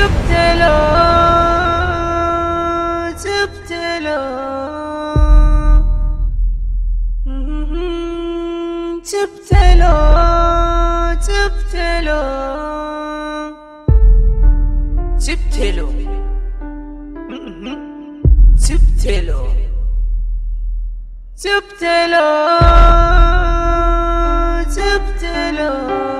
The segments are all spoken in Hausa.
جبت له جبت له جبت له جبت له جبت له جبت له جبت له جبت له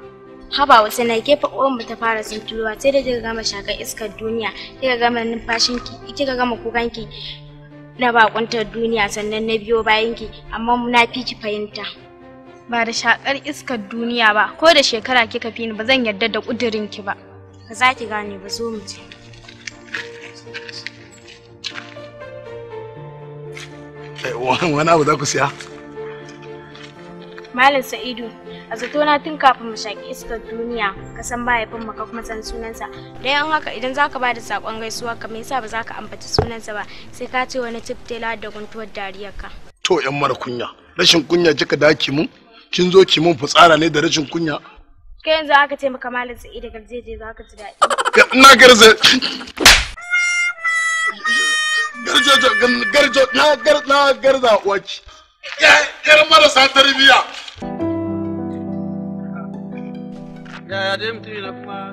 haba wasu na gefe uwan mu ta fara sunturuwa sai da kika gama shakar iskar duniya kika gama numfashin ki kika gama kukan ki na bakuntar duniya sannan na biyo bayan ki amma na fi ki fahimta ba da shakar iskar duniya ba ko da shekara kika fi ni ba zan yarda da kudirin ki ba ba za ki gane ba zo mu je wani abu za ku siya Malam Sa'idu, a na tun kafin mu shaki iskar duniya, ka san mahaifin ka kuma san sunansa. dai an haka idan zaka ba da sakon gaisuwa ka me yasa ba zaka ambaci sunansa ba, sai ka ce wani tiftela da guntuwar dariyar ka. To ƴan mara kunya, rashin kunya jika daki mun? Kin zo ki mun fitsara ne da rashin kunya? Kai yanzu aka ce maka Malam Sa'idu garzeje zaka ji daɗi. Ina garze. Garjo na garza uwaki. Yar marasa tarbiyya. Yaya da mutum na kuma?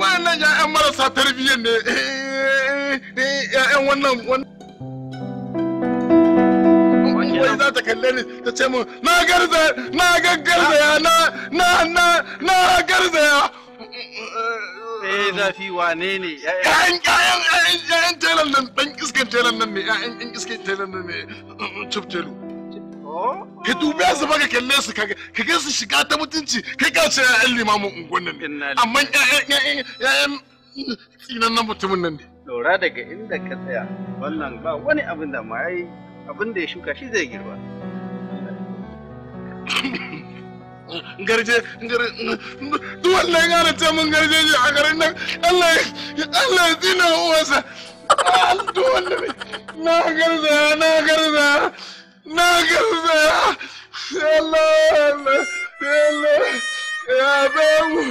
Wannan ya'yan marasa tarbiyyar ne. Eh, eh, eh, yan wannan wannan. wai za ta kalle ni ta ce mun na garza na gaggarzaya na na na na garzaya eh zafi wane ne ƴaƴan ƴaƴan ƴaƴan telan nan dan iskan telan nan ne ƴaƴan iskan telan nan ne ka dube su ba ka kalle su ka ga su shiga ta mutunci kai ka ce ya'yan limamin unguwan ne amma ya'yan tsinan nan mutumin nan ne lura daga inda ka tsaya wannan ba wani abin da ma abin da ya shuka shi zai girba garje duk ya gane ce mun garje a garin nan Allah ya tsina uwansa ah, duk na garza na garza ناقص يلا يلا يلا يا بابا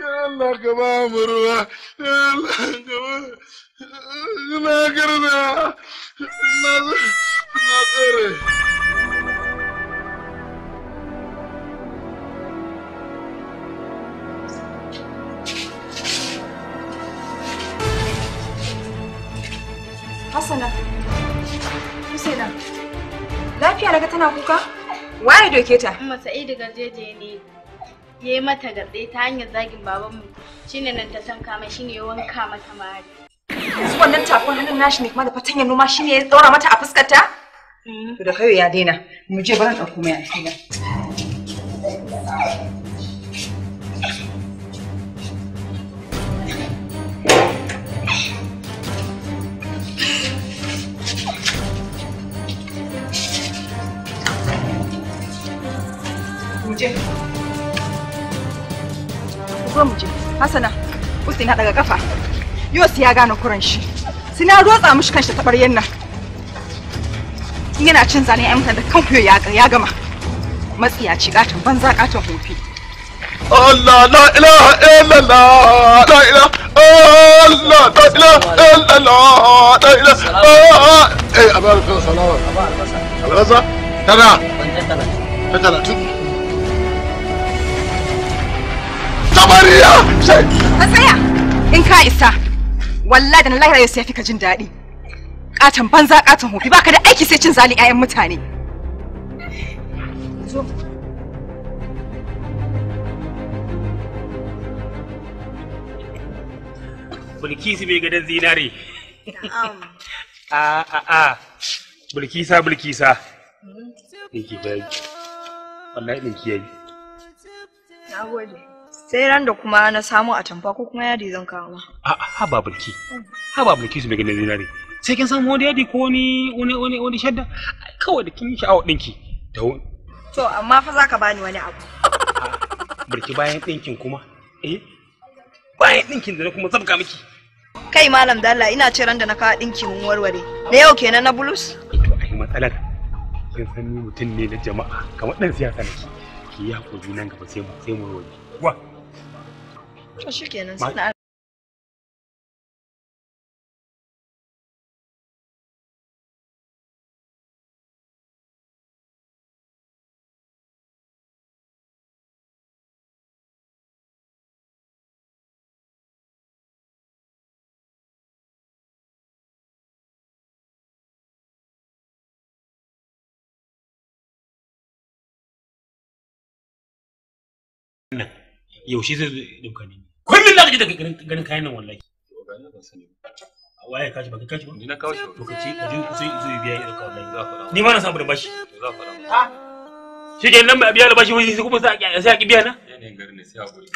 يلا كمان مروة يلا كمان ناقص ناقص حسنا حسنا Lafiya daga tana kuka? Waye doke ta? Amma Sa'idu jeje ne. Ya yi mata gatse ta hanyar zagin babanmu. Shine nan ta san kama shine ya wanka mata mari. Yanzu wannan tafin hannun nashi ne kuma da fatanyar noma shine ya daura mata a fuskar ta? Mm. To da kai ya daina. Mu je baran ɗauko mai a cikin. je. Zo mu je. Hasana, Ustina daga kafa. Yos ya gane kuran shi. Sina rotsa mishi kanshi ta baryen nan. In yana cin zane ya mutan da kan kuyo ya gama. Matsiyaci katon banza katon hofi. Allah la ilaha illallah la ilaha Allah la ilaha illallah la ilaha eh abar salawat abar salawat tana tana tana amarya ka tsaya in ka isa wallahi da na lahira yau sai fi ka jin daɗi katon banza katon hofi baka da aiki sai cin zalin 'ya'yan mutane zo Bilkisu mai gadon zinare. A a ah, ah, ah. Bulkisa Bilkisa Bilkisa. Ɗinki bayi. Wallahi ɗinki yayi. Na gode. sai ran da kuma na samu tamfa ko kuma yadi zan kawo ma ha ba bulki ha ba bulki su mai ganin zinari sai kin samu wani yadi ko wani wani wani wani shadda kawai da kin yi sha'awar dinki da to amma fa za ka bani wani abu bulki bayan dinkin kuma eh bayan dinkin da na kuma zabga miki kai malam dalla ina ce ran da na kawo dinki mun warware na yau kenan na bulus to ai matsalar kin san ni mutum ne na jama'a kamar dan siyasa nake ki yi hakuri nan gaba sai mu sai mu warware wa 那有些是有可能。za ka je daga ganin kayan nan wallahi waye ba ba ni na kawo to ka ci ka sai zai biya ya kawo ni ma na samu da bashi shi ke nan ba biya da bashi kuma sai ki biya na ne garin sai a gori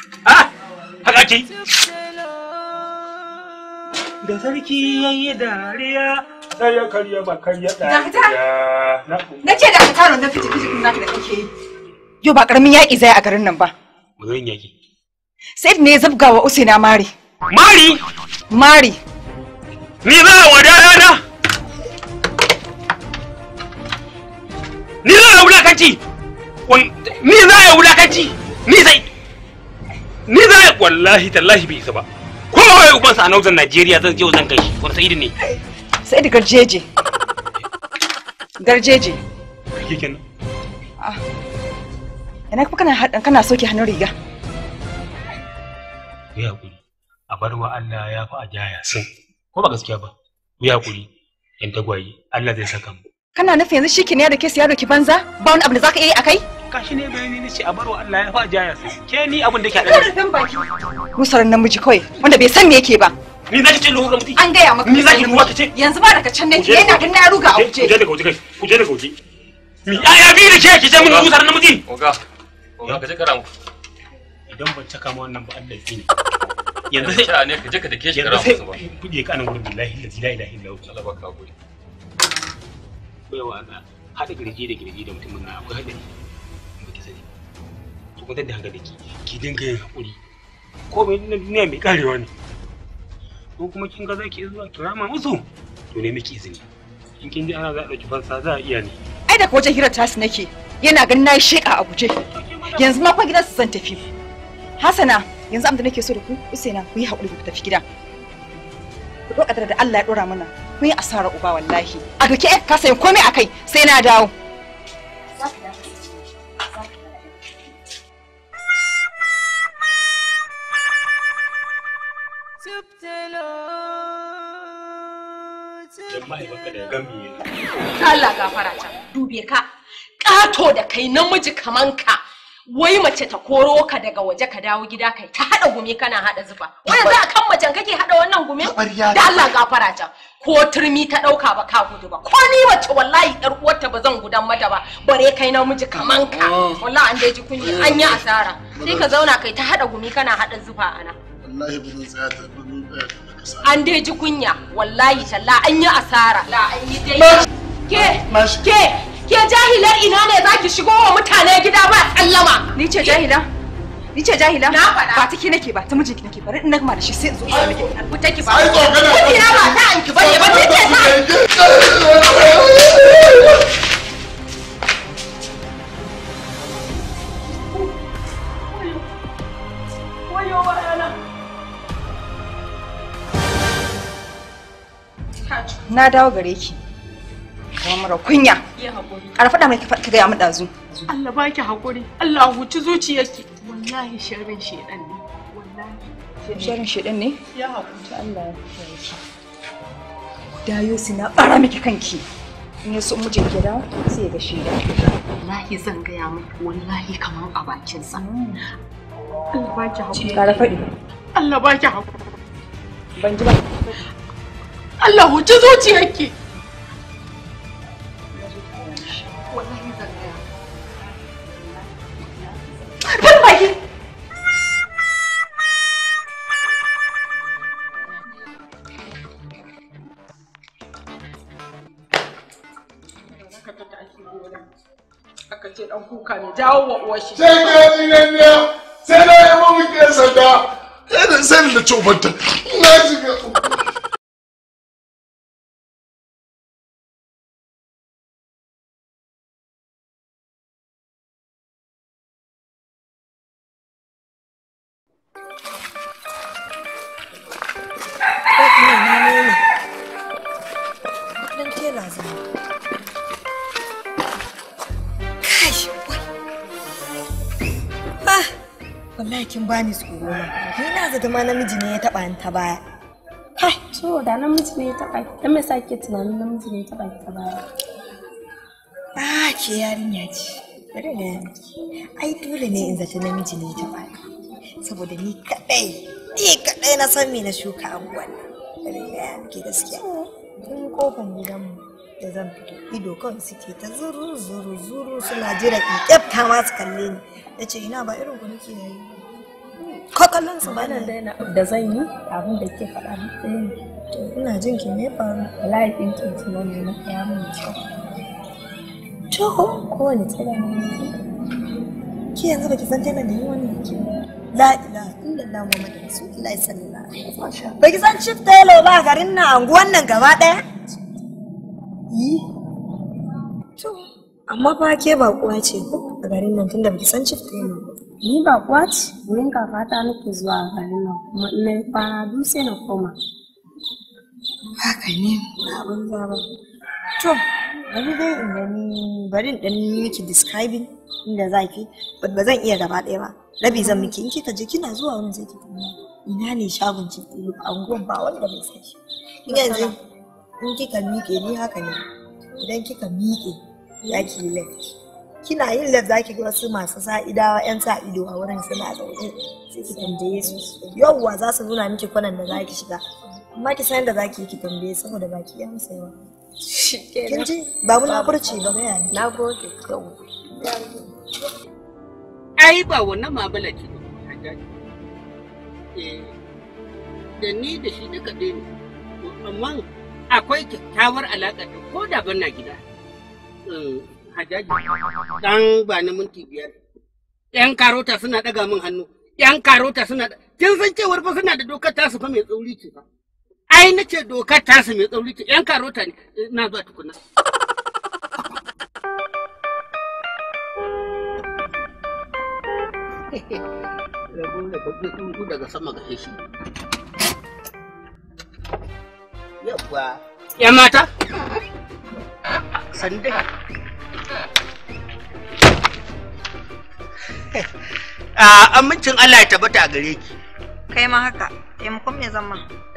haka da sarki yayi dariya sai ya ba dariya na ce da ka taro da fiti fiti na da kake yi yo ba karamin yaki zai a garin nan ba mu yaki sai ne ya zabga wa Usaina mari. Mari? Mari. Ni za a wada rana? Ni za a wulakanci? Ni za a wulakanci? Ni zai. Ni za a wallahi tallahi bai isa ba. Kowa ya ubansa a nauzan Najeriya zan je zan kai shi. Wani Sa'idu ne. Sa'idu garjeje. Garjeje. Kike kenan. Ah. Ina kuma kana kana soke hannun riga. ka yi haƙuri a bar wa Allah ya fi a jaya sai ko ba gaskiya ba ku yi haƙuri yan tagwaye Allah zai saka mu kana nufin yanzu shike ne da ke siyar da ki banza ba wani abu da zaka iya yi kai? kashi ne bayani ce a bar wa Allah ya fi a jaya sai ke ni abin da ke a musaran namiji kawai wanda bai san me yake ba ni zaki ce lura mutum an gaya maka ni zaki lura ce? yanzu ba daga can ke yana ganin na ruga a wuce ku je daga waje kai ku je daga waje. mi ya bi da ke ki je mun lura na mutum oga oga ka je kara mu idan ban caka ma wannan ba Allah ne yanzu sai ne ka je ka dake shi kara musu ba kuje ka nan gurin billahi la ilaha illa Allah Allah baka gode baiwa na hada girgi da girgi da mutumin na akwai hada ba ki sani to kun da hankali ki ki dinga yin hakuri ko me na duniya mai karewa ne ko kuma kin ga zaki zuwa kirama musu to ne miki izini in kin ji ana za a dauki fansa za a iya ne ai da wajen hirar tasi nake yana ganin na yi sheka a guje yanzu ma fa gidan su zan tafi Hasana yanzu abin da nake so da ku Usaina ku yi haƙuri ku tafi gida. Ku ɗo da Allah ya ɗora mana ku yi asara uba wallahi. A doke eh ka sayi komai a kai sai na dawo. Allah gafara ta dubiye ka ƙato da kai namiji kaman ka wai mace ta koro ka daga waje ka dawo gida kai ta hada gumi kana hada zufa wai yanzu a kan macen kake hada wannan gumin da Allah gafara ta ko turmi ta dauka ba ka gudu ba ko ni mace wallahi dar uwarta ba zan gudan mata ba bare kai namiji kaman ka mm. wallahi an ji kunya an yi asara sai ka zauna kai ta hada gumi kana hada zufa ana wallahi ba zan tsaya ta an ji kunya wallahi talla an yi asara la an yi dai ke ke Ke jahilar ina ne zaki shigo wa mutane gida ba tsallama. Ni ce jahila? Ni ce jahila? Ba ta ke nake ba, ta mijinki nake bari in na gama da shi sai in zo Ku take ba. Ai Ku tira ba ta anki bane ba take ta. na dawo gare ki kamar mara kunya a faɗa mai ki gaya mu ɗazu Allah ba ki haƙuri Allah huci zuciyarki wallahi sharrin shedan ne wallahi sharrin shedan ne ya haƙuri Allah ya ki dayo na bara miki kanki in ya so mijin gida sai ya ga shedan wallahi zan gaya mai wallahi kamar a bakin sa mm. Allah ba ki haƙuri ka faɗi Allah ba ki haƙuri ban ji ba Allah huci zuciyarki dawo wa uwar shi sai ka yi nan sai na yi mamu ke sanda irin eh, sai da cobanta shiga kin bani tsoro goma ni na zata ma namiji ne ya taba ni ta baya ha so da namiji ne ya taba ki dan me sa kike tunanin namiji ne ya taba ki ta baya ah ke yarinya ce bari na ai dole ne in zata namiji ne ya taba saboda ni kadai ni kadai na san me na shuka abubuwan bari na ke gaskiya kun kofan gidanmu da zan fito ido kan suke ta zuru zuru zuru suna jira in kyafta masu kalle ni na ce ina ba irin ku nake yayi ba kallon su bana daina da zan yi abin da ke faɗa to ina jin ki ne faru wallahi din ki ki ne na ya mun kyau to kowane tsira ne ki yanzu baki san tana da yi wannan ki la ilaha illallah muhammadu rasulullahi sallallahu alaihi wasallam ki san chief tailor ba garin nan anguwan nan gaba daya yi to amma fa ke ba kuwa ce ko a garin nan tunda ba ki san chief tailor Ni ba kuwa ce, wurin kakata nake zuwa garin nan kuma ina yi kwana biyu na koma. Haka ne, abin da ba. To, bari dai in gani bari in dan miki describing inda zaki ba zan iya gaba daya ba. Rabi zan miki in kika je kina zuwa wani zai kika ina ne shagon ki a unguwan ba wanda bai sai shi. In yanzu in kika miƙe ni haka ne. Idan kika miƙe zaki yi left. kina yin lab zaki ga wasu masu sa'idawa yan sa ido a wurin suna zaune sai ki tambaye su yawwa za su nuna miki kwanan da zaki shiga amma ki san da zaki ki tambaye saboda baki yan sayawa kin ji ba mu na ba gaya ne na gode kawo ai ba wannan ma bala ki eh, da ni da shi duka dai ne amma akwai kyakkyawar alaƙa da ko da ban na gida eh, Hajaji, dan ba na minti biyar. ‘Yan karota suna daga min hannu, ‘yan karota suna kin san cewar fa suna da dokar tasu fa mai tsauri ce fa. Ai na dokar tasu mai tsauri ce, ‘yan karota ne, na zuwa tukuna. Ya daga sama ga shi. Yabba. mata? Sande. Amincin Allah ya tabbata a gare ki. Kai ma haka, taimakon me zan ma?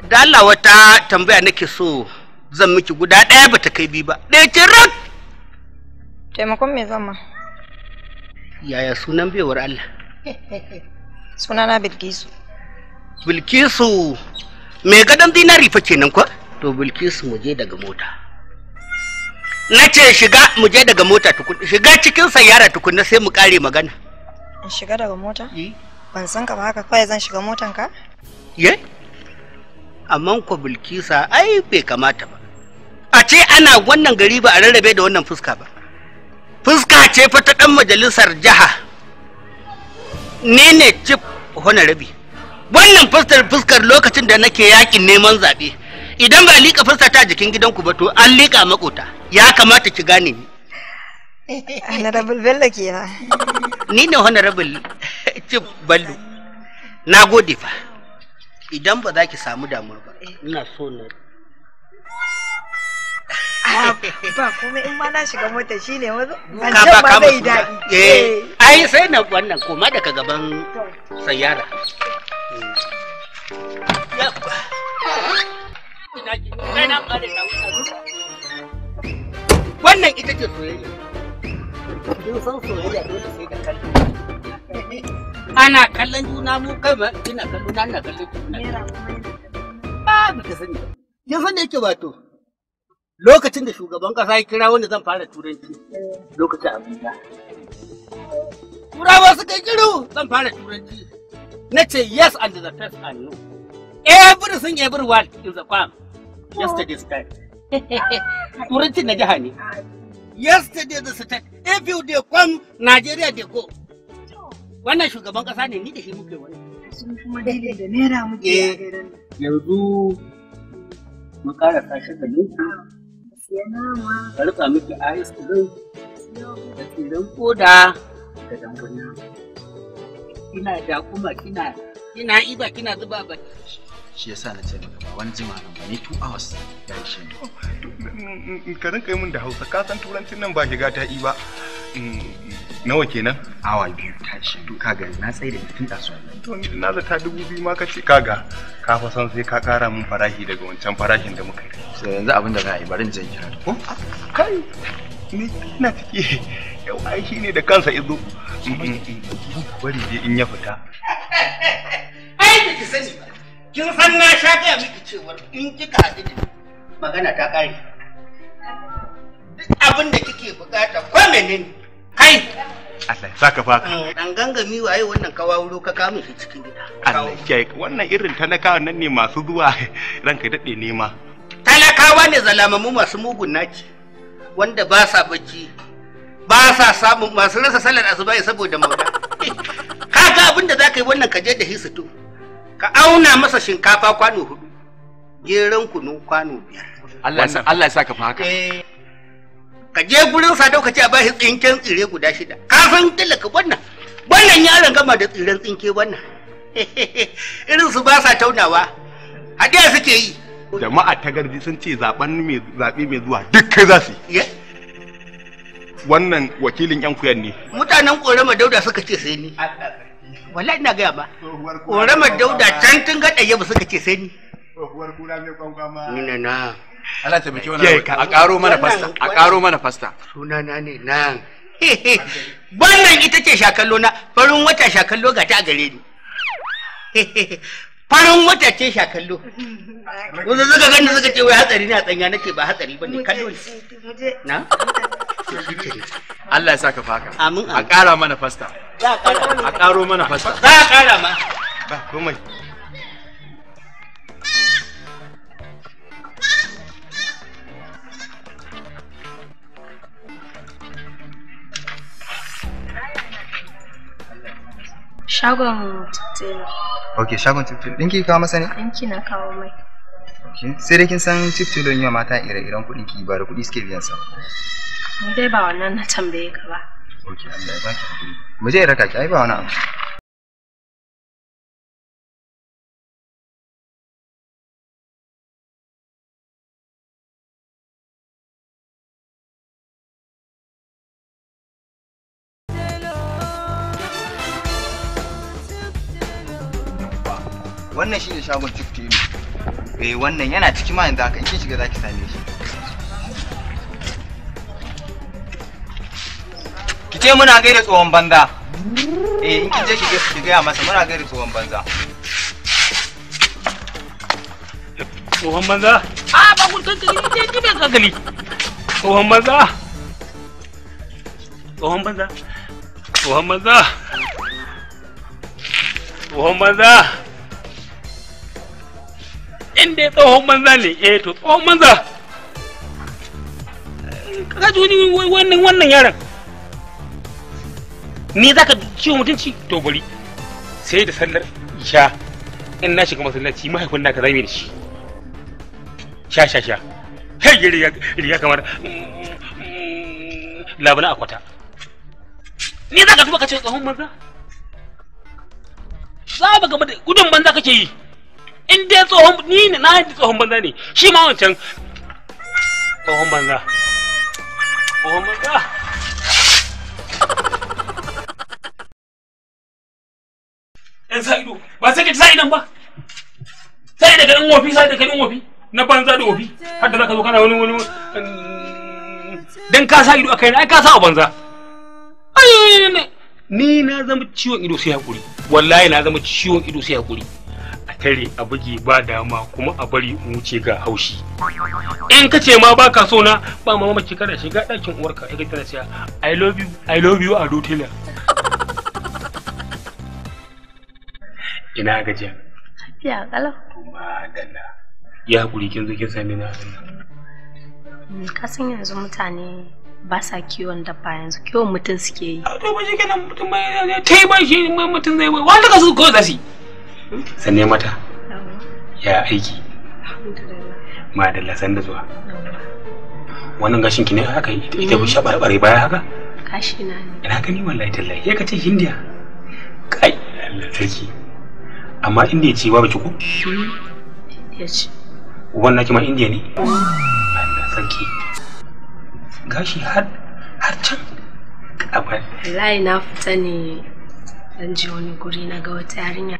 Da Allah wata tambaya nake so zan miki guda ɗaya ba ta kai bi ba. Ɗaya ce rak! Taimakon me zan ma? Yaya sunan bewar Allah? Sunana Bilkisu. Bilkisu, me gadon zinari fa kenan kwa? To Bilkisu mu je daga mota. na ce shiga mu je daga mota tukun shiga cikin sayyara tukun sai mu kare magana in shiga daga mota e. ban san ka ba haka kawai zan shiga motan ka ye amma ko bilkisa ai bai kamata ba a ce ana wannan gari ba a rarrabe da wannan fuska ba fuska ce fa ta dan majalisar jiha ne ne chief rabi. wannan fuskar fuskar lokacin da nake yakin neman zaɓe idan ba liƙa fuska ta jikin gidanku ba to an liƙa makota ya kamata ki gane ni honorable bello kenan ni ne honorable chief bello na gode fa idan ba za ki samu damuwa ba ina so na ah, ba kuma in ma na shiga mota shine wazo ban ba zai daɗi eh, eh ai sai na wannan koma daga gaban sayara eh. wannan ita ce soyayya ana kallon juna mu kai ba ina kallo na ina kallon juna ba ba ka sani kin san yake wato lokacin da shugaban kasa ya kira wanda zan fara turanci lokacin abinda. turawa suka kiru zan fara turanci na ce yes and the first and no everything everyone is a farm yesterday's time turanci na jiha ne yesterday the state if you dey come Nigeria dey go wannan shugaban kasa ne ni da shi muke wani sun kuma da naira muke eh, yanzu mu kara ah, kashe da nufi ka rika miki ice cream da tsirin koda da dangana kina da kuma kina kina iba kina zuba baki shi yasa na ce maka ba wani jima nan ba ne 2 hours ya yi shi mm, ka rinka yi min da hausa ka san turancin nan ba shiga ta ba mm, nawa kenan awa biyu ta shi to kaga na tsaye da tun da suwa to ni na zata dubu biyu ma kace kaga ka fa san sai ka kara min farashi daga wancan farashin da muka yi sai yanzu abin da za a yi barin zan kira ko kai ni na ciki yau ai ne da kansa izo mm, bari dai in ya fita ai ki sani ba kin san na sha gaya miki cewar in kika haɗu da magana ta ƙare duk abin da kike bukata ko menene kai Allah ya saka faka. Dan mm, gangami waye wannan kawawuro ka kamun shi cikin gida. Allah kiyaye wannan irin talakawa nan ne masu zuwa ranka daɗe nema. Talakawa ne zalamamu masu mugun naci wanda ba sa bacci ba sa samun masu rasa sallar asuba saboda mauda. Kaga abin da za ka yi wannan kaje da hisitu. ka auna masa shinkafa kwano hudu geran kunu kwano biyar Allah ya saka fa haka eh, ka je gurin sa ka ce a bashi tsinken tsire guda shida kafin talaka wannan wannan yaron gama da tsiren tsinke wannan irin su ba sa taunawa hadiya suke yi jama'a ta garji sun ce zaben mai zabe mai zuwa duk kai za su yi wannan wakilin yan kuyan ne mutanen korama dauda suka ce sai ni wallahi ina gaya ba ƙoramar dauda can tun gaɗa yaba suka ce sai ni tsohuwar kura mai kwankwa ma nina na Allah ta biki wani a ƙaro mana fasta a ƙaro mana fasta suna na ne na wannan ita ce shakallo na farin wata shakallo ga ta gare ni farin wata ce shakallo wanda suka gani suka ce wai hatsari na tsanya nake ba hatsari ba ne kallo ne na Allah ya saka faka amin a ƙara mana fasta a ƙaro mana fasta za a ƙara ma ba komai shagon tuttula ok shagon tuttula ɗinki kawo masa ne ɗinki na kawo mai sai dai kin san tuttulun wa mata ire-iren kuɗi ki ba da kuɗi suke biyan sa Mu dai ba wannan na tambaye ka ba. Ok, Allah ya baki hakuri. Mu raka ki ai ba wani abu. wannan shagon eh wannan yana ciki ma yanzu haka in shiga zaki same shi ki ce muna gaida tsohon banza eh in kin je ki gaya masa muna gaida tsohon banza tsohon banza a ba tantu kankali ita ki ban kankali tsohon banza tsohon banza tsohon banza tsohon banza in dai tsohon banza ne eh to tsohon banza ka ji wani wannan wannan ni zaka ciwo mutunci to bari sai da sallar isha in na shiga masallaci mahaifin naka zame da shi sha sha sha hey riga kamar mm, mm, labana akwata ni zaka tuba ka ce tsohon banza za ba gaba da gudun banza kake yi in dai tsohon ni ne na yi tsohon banza ne shi ma wancan tsohon banza tsohon banza yan sa ido ba sai ka sa idan ba sai daga ɗan wofi sai daga ɗan wofi na banza da wofi har da zaka zo kana wani wani mm. dan ka sa ido akai ai ka sa a banza ai ni na zama ciwon ido sai hakuri wallahi na zama ciwon ido sai hakuri a tare a buge ba dama kuma a bari in wuce ga haushi in ka ce ma baka so na ba mamaki mace kana shiga ɗakin uwarka ai tana cewa i love you i love you a do taylor ina je ya kalau madalla ya hakuri kin zo kin same na. nan hmm, kasan yanzu mutane ba sa kiwon dabba yanzu kiwon mutum suke yi ah, to ba shi kenan mutum ba ya tai ba shi mutum zai ba wanda ka su ko zasi hmm? sanne mata ya aiki madalla san da zuwa wannan gashin ki ne haka ita ku hmm. sha barbare baya haka kashi na ne ina gani wallahi tallahi ya kace hindiya kai Allah sarki amma inda ya ce babu ki ko ya ce uban naki ma indiya ne Allah sarki gashi har har can kafa wallahi na fita ne dan je wani guri na ga wata yarinya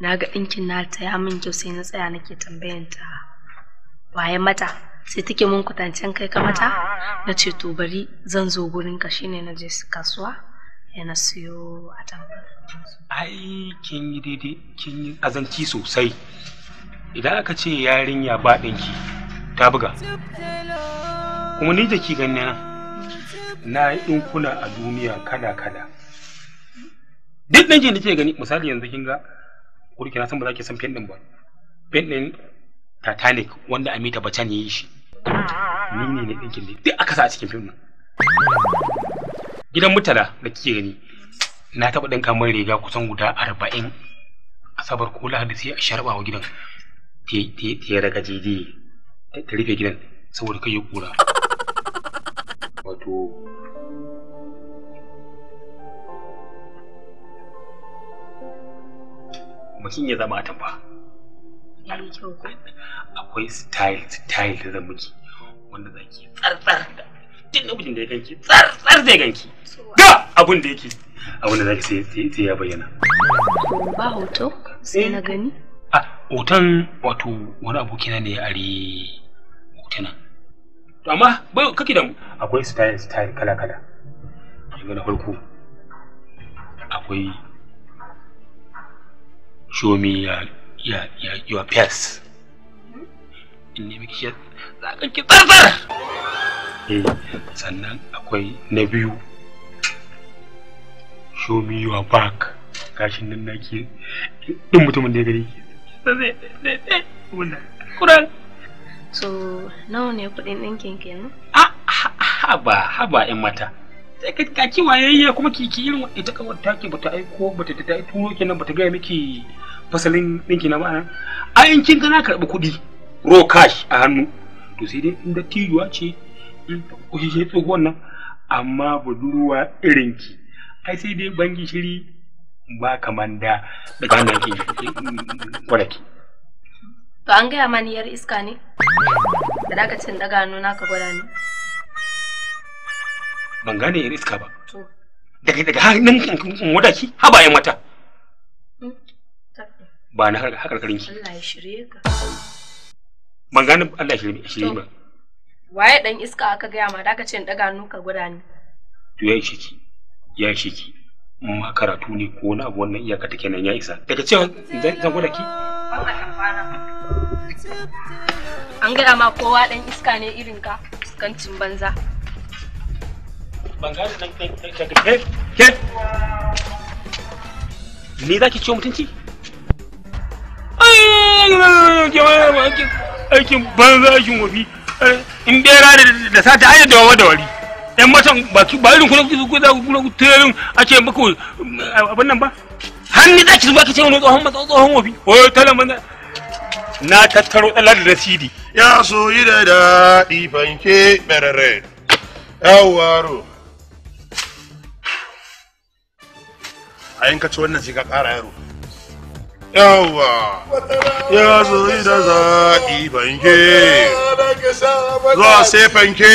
na ga ɗinkin na ta ya min kyau sai na tsaya nake tambayan ta waye mata sai take mun kutancen kai ka mata na ce to bari zan zo gurin ka shine na je kasuwa ya na siyo atamfa ai kin yi daidai kin yi azanci sosai idan aka ce yarinya ba ɗinki ta buga kuma ni da ki nan na yi ɗinkuna a duniya kada kada duk ɗinkin da ke gani misali yanzu kin ga kurki na san ba za ki san fen ɗin ba fen titanic wanda amita bacan ya yi shi ni ne ɗinkin duk aka sa a cikin fim gidan mutala da kike gani na taɓa ɗinka kamar riga kusan guda arba'in asabar ko lahadi sai a sharɓa wa gidan ta yi daga jeje ta rufe gidan saboda kai ya kura wato mutum ya zama atamfa akwai style style da zamuki wanda zaki tsartsar da duk da ya ganki tsar tsar zai ganki ga abun da yake abun da zaki sai sai ya bayyana ba hoto sai eh. na gani a ah, hoton wato wani abokina ne a ri hotuna to amma bai kake da akwai style style kala kala yanzu na farko akwai show me ya ya ya your hmm? in ne miki za ka ki tsar tsar Eh, sannan akwai na biyu show me your back gashin nan nake din mutumin da ya gari kuran so nawa ne kudin ɗinkin kenan a haba haba in mata sai ka ki wayayye kuma ki ki irin ita ta take bata aiko bata ta yi turo kenan bata gaya miki fasalin ɗinki na ma'ana eh? a in kin ga na karɓi kuɗi raw cash a hannu to sai dai in da ce tsohon amma budurwa ai sai ba mm, an gaya mani daga cin daga gwada ne ban gane yar iska ba daga daga kan wada ki mm, ba na harkarkarin ki Allah ya shirye ka ban gane Allah ya shirye ba waye dan iska aka gaya ma da ka ce in daga hannu ka gwada ni to ya shiki ya shiki ma karatu ne ko wani abu wannan iyaka take nan ya isa daga ce zan gwada ki an gaya ma kowa dan iska ne irin ka fuskancin banza da ke ni za ki ciwo mutunci aikin banza aikin wafi in bera da sata ai da da yan matan baki ba irin kuna ku za ku tirin ake muku eh, abin nan ba hannu da ki zuwa ka ce wani tsohon matsa wafi wai talan banza na tattaro dalar da sidi ya so yi da daɗi fanke berere yawaro a yanka ci wannan sai ka ƙara yaro yawa ya zuri da zaɗi fanke zuwa sai fanke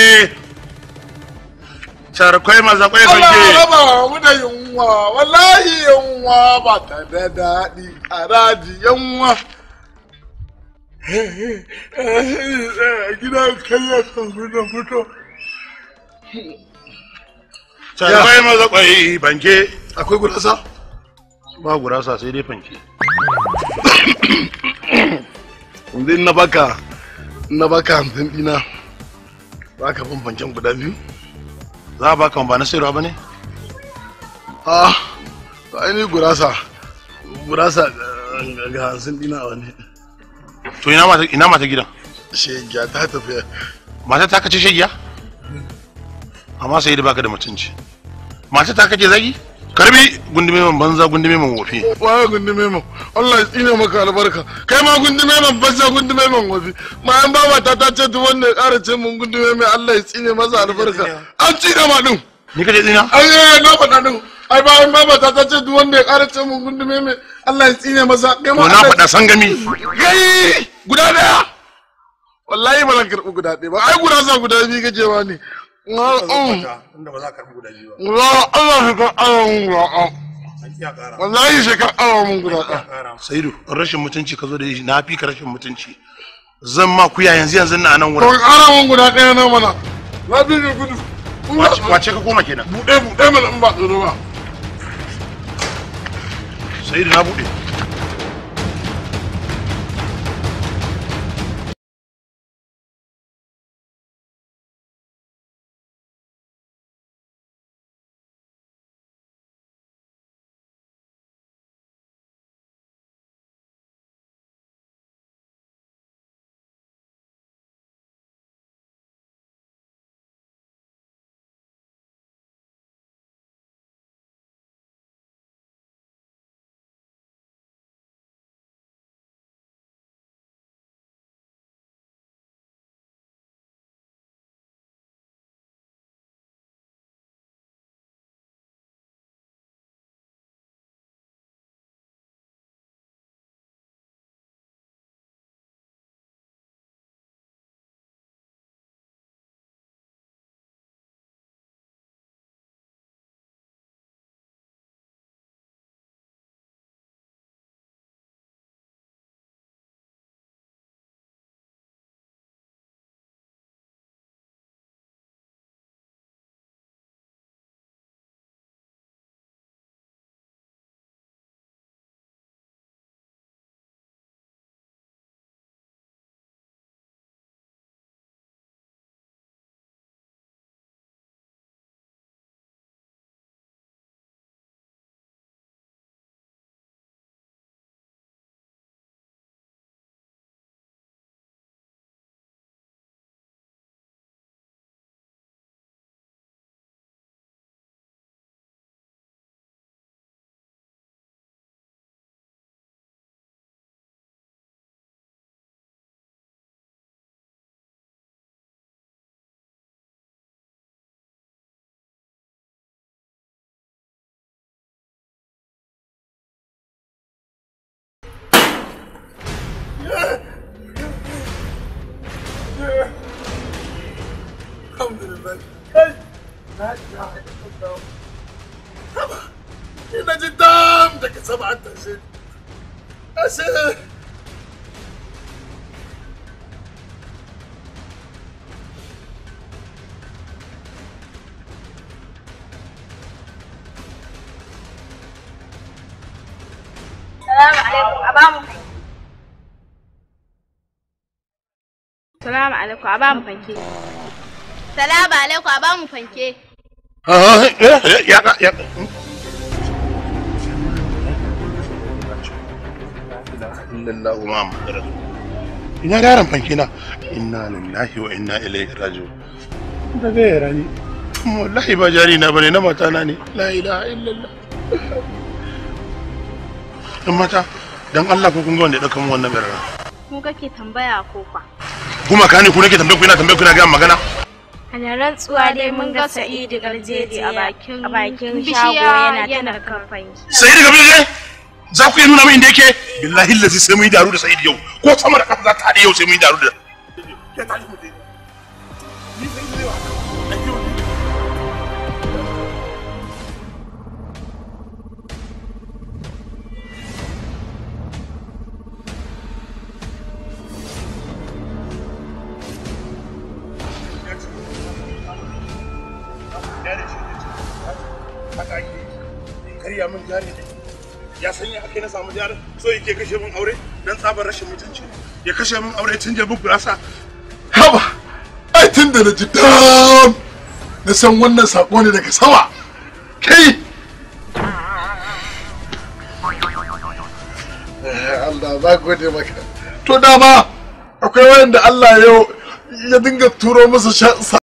charkwai mazakwai fanke raba mu da yunwa wallahi yunwa ba ta da daɗi a raji yunwa gidan kai ya samu na fito charkwai mazakwai banke akwai gurasa ba gurasa sai dai fanke yanzu na baka na baka hamsin dina ba ka bambancen guda biyu za a baka ba na sayarwa ba ne a ainihin gurasa gurasa ga hamsin dina a wani to ina mata gidan shegiya ta tafiya mata ta kace shegiya amma sai da baka da mutunci mata ta kace zagi karbi gundume man banza gundume man wofi wa gundume man Allah ya tsine maka albarka kai ma gundume man banza gundume man wofi ma an ba mata ta ce duk wanda ya ƙara ce mun gundume mai Allah ya tsine masa albarka an tsine ma din ni kaje tsina ai eh na faɗa din ai ba an ba mata ta ce duk wanda ya ƙara ce mun gundume mai Allah ya tsine masa kai ma na faɗa sangami yayi guda daya wallahi ba zan karɓi guda ɗaya ba ai guda sa guda biyu kake ba ne na inda ba za guda rashin mutunci ka zo da na fi ka rashin mutunci zan ma kuya yanzu yanzu na nan wurin ƙara mun guda ɗaya na mana na bi ni gudu wace ka koma kenan buɗe buɗe mana in ba tsoro ba saidu na buɗe يا هنا قدام دقيقة 27 أسد السلام عليكم أبا مخنكي السلام عليكم أبا مخنكي السلام عليكم أبا مخنكي ina yaran fanke na inna lillahi wa ina ilaihi raji'un da ga yara ne wallahi ba jari na bane na mata na ne la ilaha illallah dan mata dan Allah ko kun ga wanda ya dauka mu wannan garar ku kake tambaya ko fa kuma kani ku nake tambaya ku ina tambaya ku ina ga magana Ana rantsuwa dai mun ga Sa'idu Garjeji a bakin bakin shago yana tana kamfani. Sa'idu Garjeji za ku iya nuna min inda yake? Billahi lazi sai mun yi daru da Sa'idu yau ko sama da kafa za ta haɗe yau sai mun yi daru da. so yake kashe aure dan tsabar rashin mutunci ya kashe min aure tun da bugu rasa haba ai tun da na ji dam na san wannan sako ne daga sama kai Allah za gode maka to dama akwai wanda Allah yau ya dinga turo musu